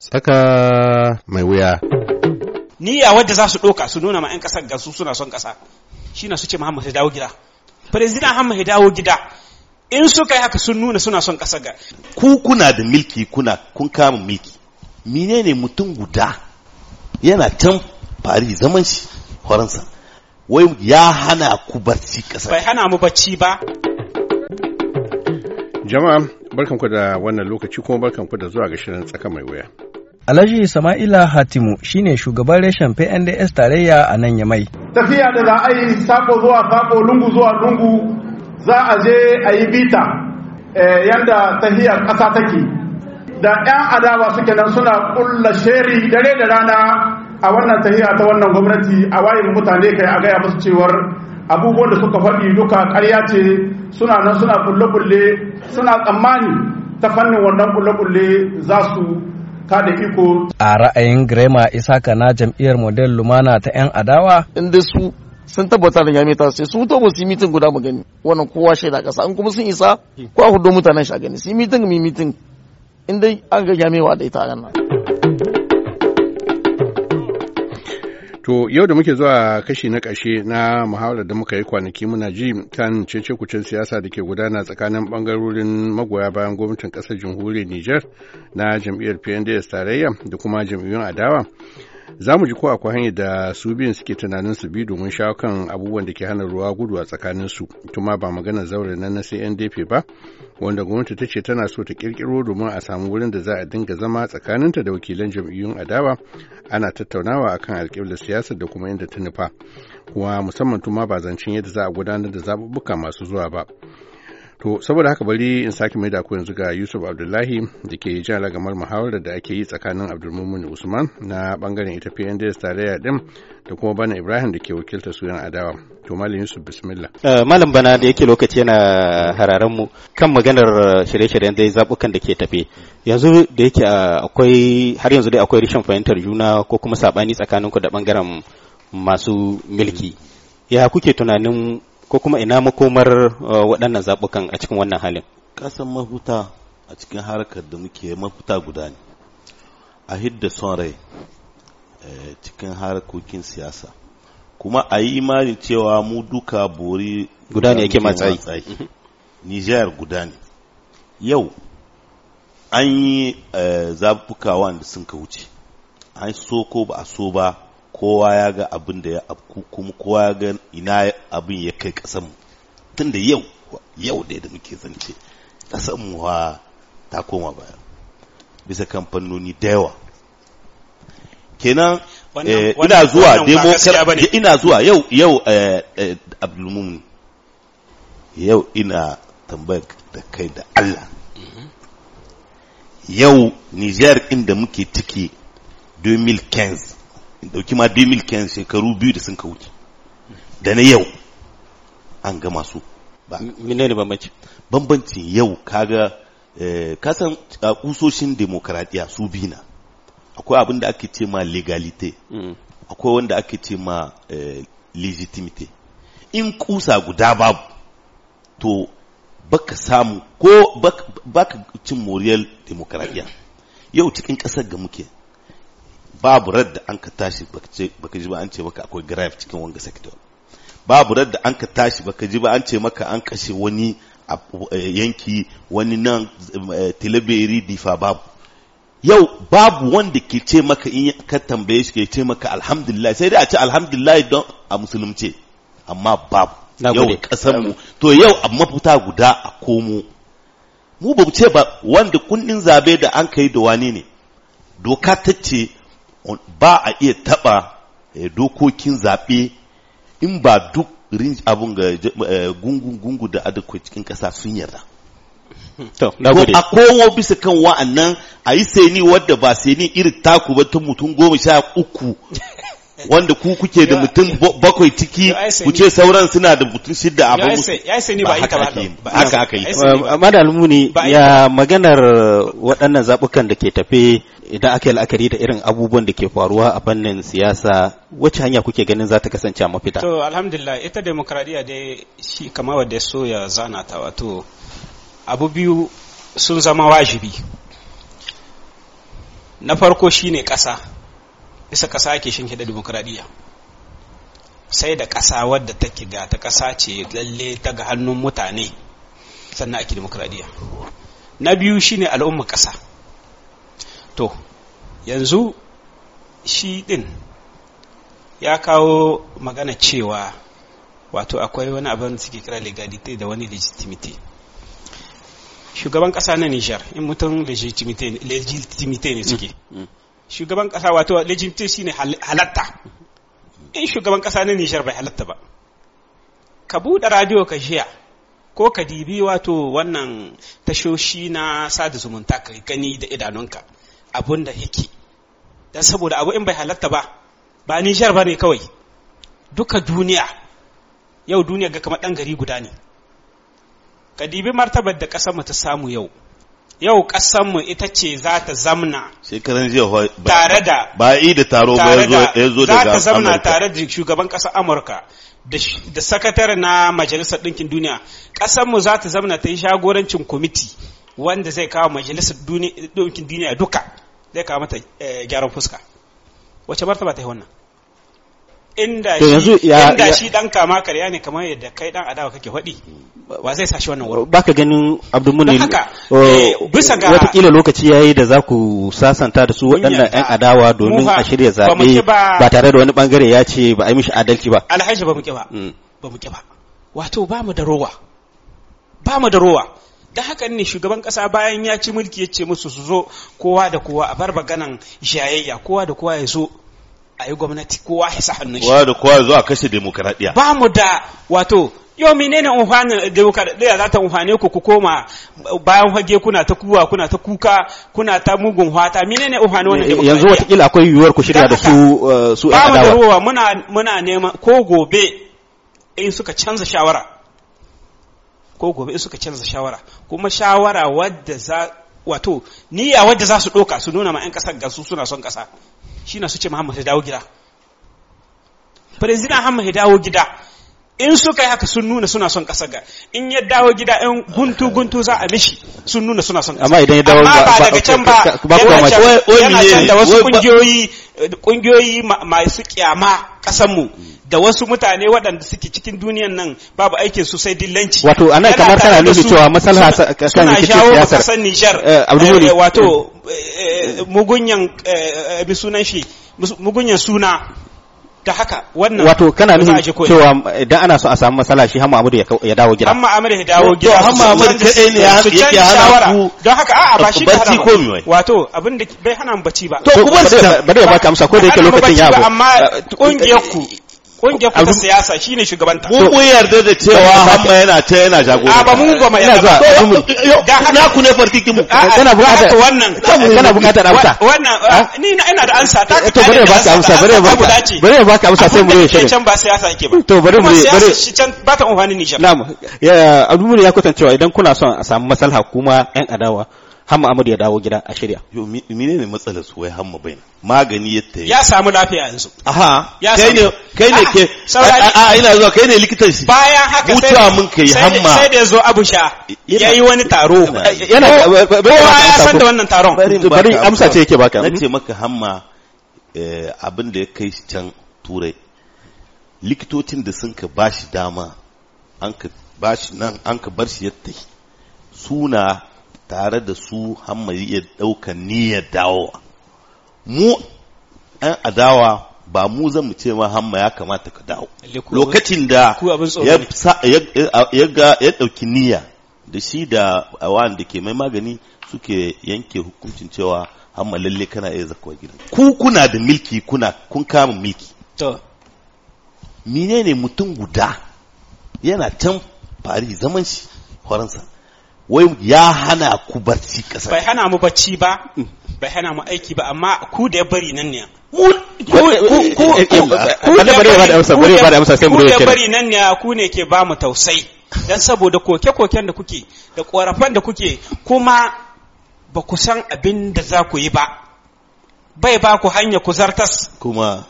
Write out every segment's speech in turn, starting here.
Tsaka mai wuya. ya wadda za su ɗoka su nuna ma 'yan ƙasar ga suna son ƙasa. Shi na su ce Muhammadu ya dawo gida. Firizidan hamma ya dawo gida. In suka yi haka sun nuna suna son ƙasar ga. Ku kuna da milki kuna kun kama milki. Menene mutum guda yana can fari zaman shi Faransa. Wai ya hana ku barci ƙasar. Bai hana mu barci ba. Jama'a barkanku da wannan lokaci kuma barkanku da zuwa ga shirin tsaka mai wuya. Alhaji Sama'ila Hatimu shine shugaban reshen PNDS tarayya a nan Yamai. Tafiya da za a yi sako zuwa sako lungu zuwa lungu za a je a yi bita eh, yadda tahiyar ƙasa take. Da 'yan adawa suke nan suna ƙulla sheri dare da rana a wannan tahiya ta wannan gwamnati a wayin mutane kai a gaya musu cewar abubuwan da suka faɗi duka ƙarya ce suna nan suna kulle-kulle suna tsammani ta fannin wannan kulle-kulle za su iko. A ra'ayin Grema Isaka na jam'iyyar Model Lumana ta 'yan adawa. Inda su sun tabbata da yami ta sai su to su mitin guda mu gani wannan kowa shaida kasa an kuma sun isa ko a hudu mutanen shi a gani su mitin mi mitin in dai an ga yamewa da ita a nan. To yau da muke zuwa kashi na ƙashe na muhawarar da muka yi kwanaki muna ji kan cece kucin siyasa da ke gudana tsakanin bangarorin magoya bayan gwamnatin ƙasar jamhuriyar Nijar na jam'iyyar PNDS tarayya da kuma jam'iyyun adawa. Za mu ji ko akwai hanyar da su biyun suke tunanin su bi domin shawo kan abubuwan da ke hana ruwa gudu a tsakanin su. Tuma ba magana zaure nan na CNDP ba, wanda gwamnati ta ce tana so ta kirkiro domin a samu wurin da za a dinga zama tsakanin ta da wakilan jam'iyyun adawa ana tattaunawa akan alƙiblar siyasar da kuma inda ta nufa. Kuma musamman tuma ba zancen yadda za a gudanar da zaɓuɓɓuka masu zuwa ba. To saboda haka bari in sake mai da ku yanzu ga Yusuf Abdullahi da ke jan ragamar muhawarar da ake yi tsakanin Abdulmumin Usman na bangaren ita PNDS tarayya din da kuma Bana Ibrahim da ke wakilta su adawa. To Malam Yusuf bismillah. Eh, Malam Bana da yake lokaci yana hararen mu kan maganar shirye-shiryen dai zabukan da ke tafe. Yanzu da yake eh, akwai har yanzu dai akwai rashin fahimtar juna ko kuma sabani tsakaninku da bangaren masu milki. Ya kuke tunanin ko kuma ina makomar uh, waɗannan zaɓukan a cikin wannan halin kasan mafuta a cikin harkar da muke mafuta guda ne a hidda son eh, cikin harkokin siyasa kuma a yi imanin cewa mu duka bori guda ne yake matsayi nijar guda ne yau an yi eh, zaɓuka wanda sun ka wuce an so ko ba a so ba kowa ya ga abin da ya afku kuma kowa ya ga ina abin ya kai ƙasar mu tun da yau yau da muke zance ƙasar mu ta koma baya bisa kan fannoni da yawa kenan eh, ina zuwa eh, ina zuwa yau yau eh, abdulmumin yau ina tambayar da kai da Allah mhm. yau Niger inda muke tiki 2015 in dauki ma 2015 shekaru biyu da sun ka wuce da na yau an gama su ba ne bambanci bambancin yau kaga ka eh, kusoshin demokradiya su biyu na akwai abin da ake ce ma legalite mm. akwai wanda ake ce ma eh, legitimite in kusa guda babu to baka samu ko baka cin moriyar demokradiya yau cikin kasar ga muke babu radda an ka tashi baka ji ba an ce maka akwai grave cikin wanga sector babu radda an ka tashi baka ji ba an ce maka an kashe wani eh, yanki wani nan eh, tilaberi difa babu yau babu wanda ke ce maka in ka tambaye shi ke ce maka alhamdulillah sai dai a ce alhamdulillah don a musulunce amma babu yau kasan mu to yau a mafuta guda a komo mu ba ce ba wanda kundin zabe da an kai da wani ne doka ta ce ba a iya taɓa eh, dokokin zaɓe in ba duk rinji abun ga eh, gungun-gungu da adakwa cikin ƙasa sun yarda. To, a kowa bisa kan wa'annan a yi ni wadda ba ni iri taku ba ta mutum goma sha uku wanda ku kuke da mutum bakwai ciki ku ce sauran suna da mutum shidda a bangu ba haka ake yi haka aka yi madalmuni ya maganar uh, waɗannan zaɓukan da ke tafe idan aka la'akari da irin abubuwan da ke faruwa a fannin siyasa wacce hanya kuke ganin za ta kasance a mafita to alhamdulillah ita demokradiya dai shi kama wadda so ya zana ta wato abu biyu sun zama wajibi na farko shine ƙasa Isa ƙasa ake shinkiɗa dimokuraɗiyya sai da ƙasa wadda ta kiga ta ƙasa ce lalle ta ga hannun mutane sannan ake dimokuraɗiyya na biyu shine al'umma ƙasa to yanzu shi ɗin ya kawo magana cewa wato akwai wani abin da suke kira legality da wani legitimity shugaban ƙasa na nijar in mutum legitimity ne suke mm, mm, mm. shugaban kasa wato legimte shine halatta in shugaban kasa na nishar bai halatta ba ka buɗe radio ka shiya ko ka dibi wato wannan tashoshi na sada zumunta ka gani da idanunka abun da yake don saboda abu in bai halatta ba ba nishar ba ne kawai duka duniya yau duniya ga kamar ɗan gari guda ne ka dibi martabar da ƙasar mu ta samu yau yau ƙasanmu ita ce za ta zamna shekaran jiya tare da ba yi da taro ba ya zo daga za ta zamna tare da shugaban ƙasar amurka da sakatare na majalisar ɗinkin duniya ƙasanmu za ta zamna ta yi shagorancin kwamiti wanda zai kawo majalisar ɗinkin duniya duka zai kawo mata eh, gyaran fuska wace martaba ta yi wannan inda shi inda shi dan kama karya ne kamar yadda kai dan adawa kake faɗi wa zai sashi wannan wurin baka ganin abdulmuni oh, eh, bisa ga watakila lokaci yayi da za ku sasanta da su waɗannan yan adawa domin a shirya zaɓe ba tare da wani bangare ya ce ba a yi mishi adalci ba alhaji ba mu ba mm. ba mu ba wato ba mu da rowa ba mu da rowa da hakan ne shugaban kasa bayan ya ci mulki ya ce musu su zo kowa da kowa a bar ganan jayayya kowa da kowa ya zo a yi gwamnati kowa ya sa hannun shi kowa da kowa zuwa kashe demokaradiyya. ba mu da wato yau menene umfanin demokaradiyya za ta umfane ku ku koma bayan hage kuna ta kuwa kuna ta kuka kuna ta mugun hwata menene umfanin wannan eh, demokradiya yanzu watakila akwai yiwuwar ku shirya da su eh, su ba mu da ruwa muna muna neman ko gobe in suka canza shawara ko gobe in suka canza shawara kuma shawara wadda za wato niyya wadda za su ɗoka su nuna ma 'yan ƙasar gansu suna son ƙasa shi na su ce Muhammadu ya dawo gida firizina Muhammadu ya dawo gida in suka yi haka sun nuna suna son ƙasar ga in ya dawo gida in guntu guntu za a mishi sun nuna suna son ƙasar amma idan ya dawo ba daga can ba yana can da wasu ƙungiyoyi ƙungiyoyi masu kyama kasanmu da wasu mutane waɗanda suke cikin duniyan nan babu aikin su sai dillanci wato ana kamar kana nufi cewa masalha kan rikicin siyasar suna eh, eh, wato eh, mugunyan bi sunan shi mugunyan suna Da haka wannan wato kana nufin cewa idan ana so a samu matsala shi hamma amadu ya dawo gida hamma amadu ya dawo gida to hamma amadu kadai ne ya yake hana ku don haka a'a ba shi bacci ko mi wato abin da bai hana mu bacci ba to ku bacci ba da ba ka amsa ko da yake lokacin ya ba amma kungiyar eh, eh, ku kungiyar kuma siyasa shine shugabanta mu mun yarda da cewa hamma yana ta yana jagora A ba mu ba mai yarda ga na ku ne fartikin mu kana bukata wannan kana bukata da amsa wannan ni ina da amsa ta eh, to bare ba ka amsa bare ba ka. bare ba ka amsa sai mu yi shi can ba siyasa yake ba to bare mu bare shi can ba ta amfani ni shi na'am ya abubuwan ya kwatancewa idan kuna son a samu masalha kuma yan adawa hamma amadu ya dawo gida a shirya yo mine ne matsalar su wai hamma bai magani ya yi. ya samu lafiya yanzu aha ya kai ne kai ne ke a ah, ah, ah, ina zuwa kai ne likitan shi bayan haka sai da mun kai hamma sai da yazo abusha yi wani taro eh, eh, yana kowa ya san da wannan taron bari amsa ce yake baka nace maka hamma eh, abin da ya kai shi can turai likitocin da sun ka bashi dama an ka bashi nan an ka bar shi yadda suna tare da su hammari iya ɗaukan niyyar dawowa mu ɗan adawa ba mu zan mu ce ma hamma ya kamata ka dawo lokacin da ya ɗauki niyya da shi da awan da ke mai magani suke yanke hukuncin cewa hamma lalle kana iya zakuwa gidan ku kuna da milki kuna kun kama milki to menene mutum guda yana can fari zaman shi faransa wai ya hana ku barci ƙasa bai hana mu barci ba mm. bai hana mu aiki ba amma ku da ya bari nan ne ku da ya bari nan ne ku ne ke ba mu tausai don saboda koke-koken da kuke da ƙorafan da kuke kuma ba ku san abin da za ku yi ba bai ba ku hanya ku zartas kuma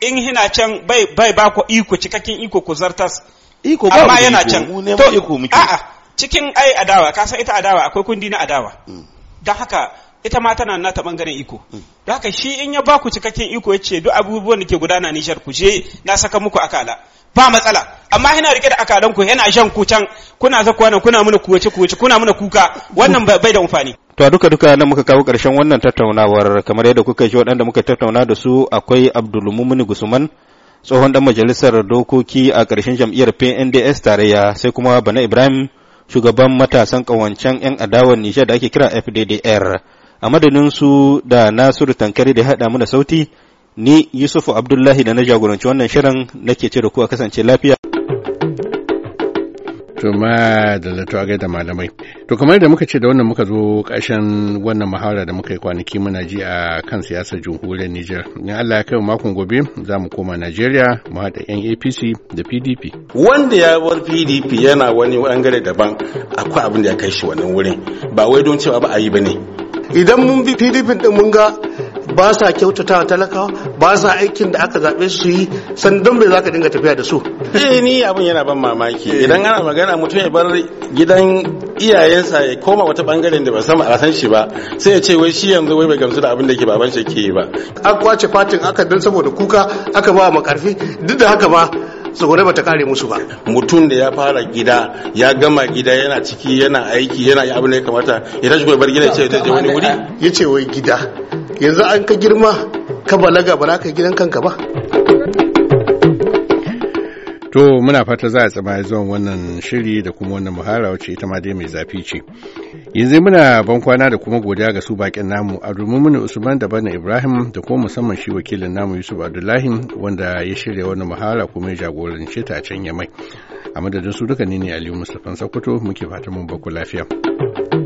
in hina can bai ba ku iko cikakken iko ku zartas iko ba amma yana can to iko muke a'a cikin ai adawa ka san ita adawa akwai kundi na adawa mm. don haka ita ma tana nata bangaren iko mm. don haka shi in ya baku cikakken iko yace duk abubuwan da ke gudana nishar ku je na saka muku akala ba matsala amma yana rike da akalan ku yana shan ku can kuna zakuwa nan kuna muna kuwace kuwace kuna muna kuka wannan bai da amfani to duka duka nan muka kawo karshen wannan tattaunawar kamar yadda kuka ji waɗanda muka tattauna da su akwai Abdul Abdulmumin Gusman tsohon dan majalisar dokoki a ƙarshen jam'iyyar PNDS tarayya sai kuma Bana Ibrahim shugaban matasan ƙawancen 'yan adawar Nijar da ake kira FDDR. A madadin su da Nasiru Tankari da haɗa mana sauti, ni Yusufu Abdullahi da na jagoranci wannan shirin nake ce da ku a kasance lafiya. tuma da zato a malamai. To kamar da muka ce da wannan muka zo ƙarshen wannan muhawara da muka yi kwanaki muna ji a kan siyasar jamhuriyar Nijar. In Allah ya kai makon gobe za mu koma Najeriya mu haɗa 'yan APC da PDP. Wanda ya bar PDP yana wani bangare daban akwai abin da ya kai shi wannan wurin ba wai don cewa ba a yi ba ne. Idan mun bi PDP din mun ga ba sa kyautata wa talakawa ba sa aikin da aka zaɓe su yi sandan bai za ka dinga tafiya da su eh ni abin yana ban mamaki idan ana magana mutum ya bar gidan iyayensa ya koma wata bangaren da ba sama a san shi ba sai ya ce wai shi yanzu wai bai gamsu da abin da ke baban shi ke ba an kwace fatin aka dan saboda kuka aka ba makarfi duk da haka ba tsogore ba ta kare musu ba mutum da ya fara gida ya gama gida yana ciki yana aiki yana abin da ya kamata ya tashi bar gida ya ce wani wuri ya ce wai gida yanzu an ka girma ka balaga ba ka gidan kanka ba To muna fata za a tsama zuwan wannan shiri da kuma wannan muhara wacce ita ma dai mai zafi ce. Yanzu muna ban kwana da kuma godiya ga su bakin namu a mini Usman da bana Ibrahim da kuma musamman shi wakilin namu Yusuf Abdullahi wanda ya shirya wannan muhara kuma ya jagorance ta a can Yamai. A madadin su duka ne ne Aliyu Mustapha Sokoto muke fata mun baku lafiya.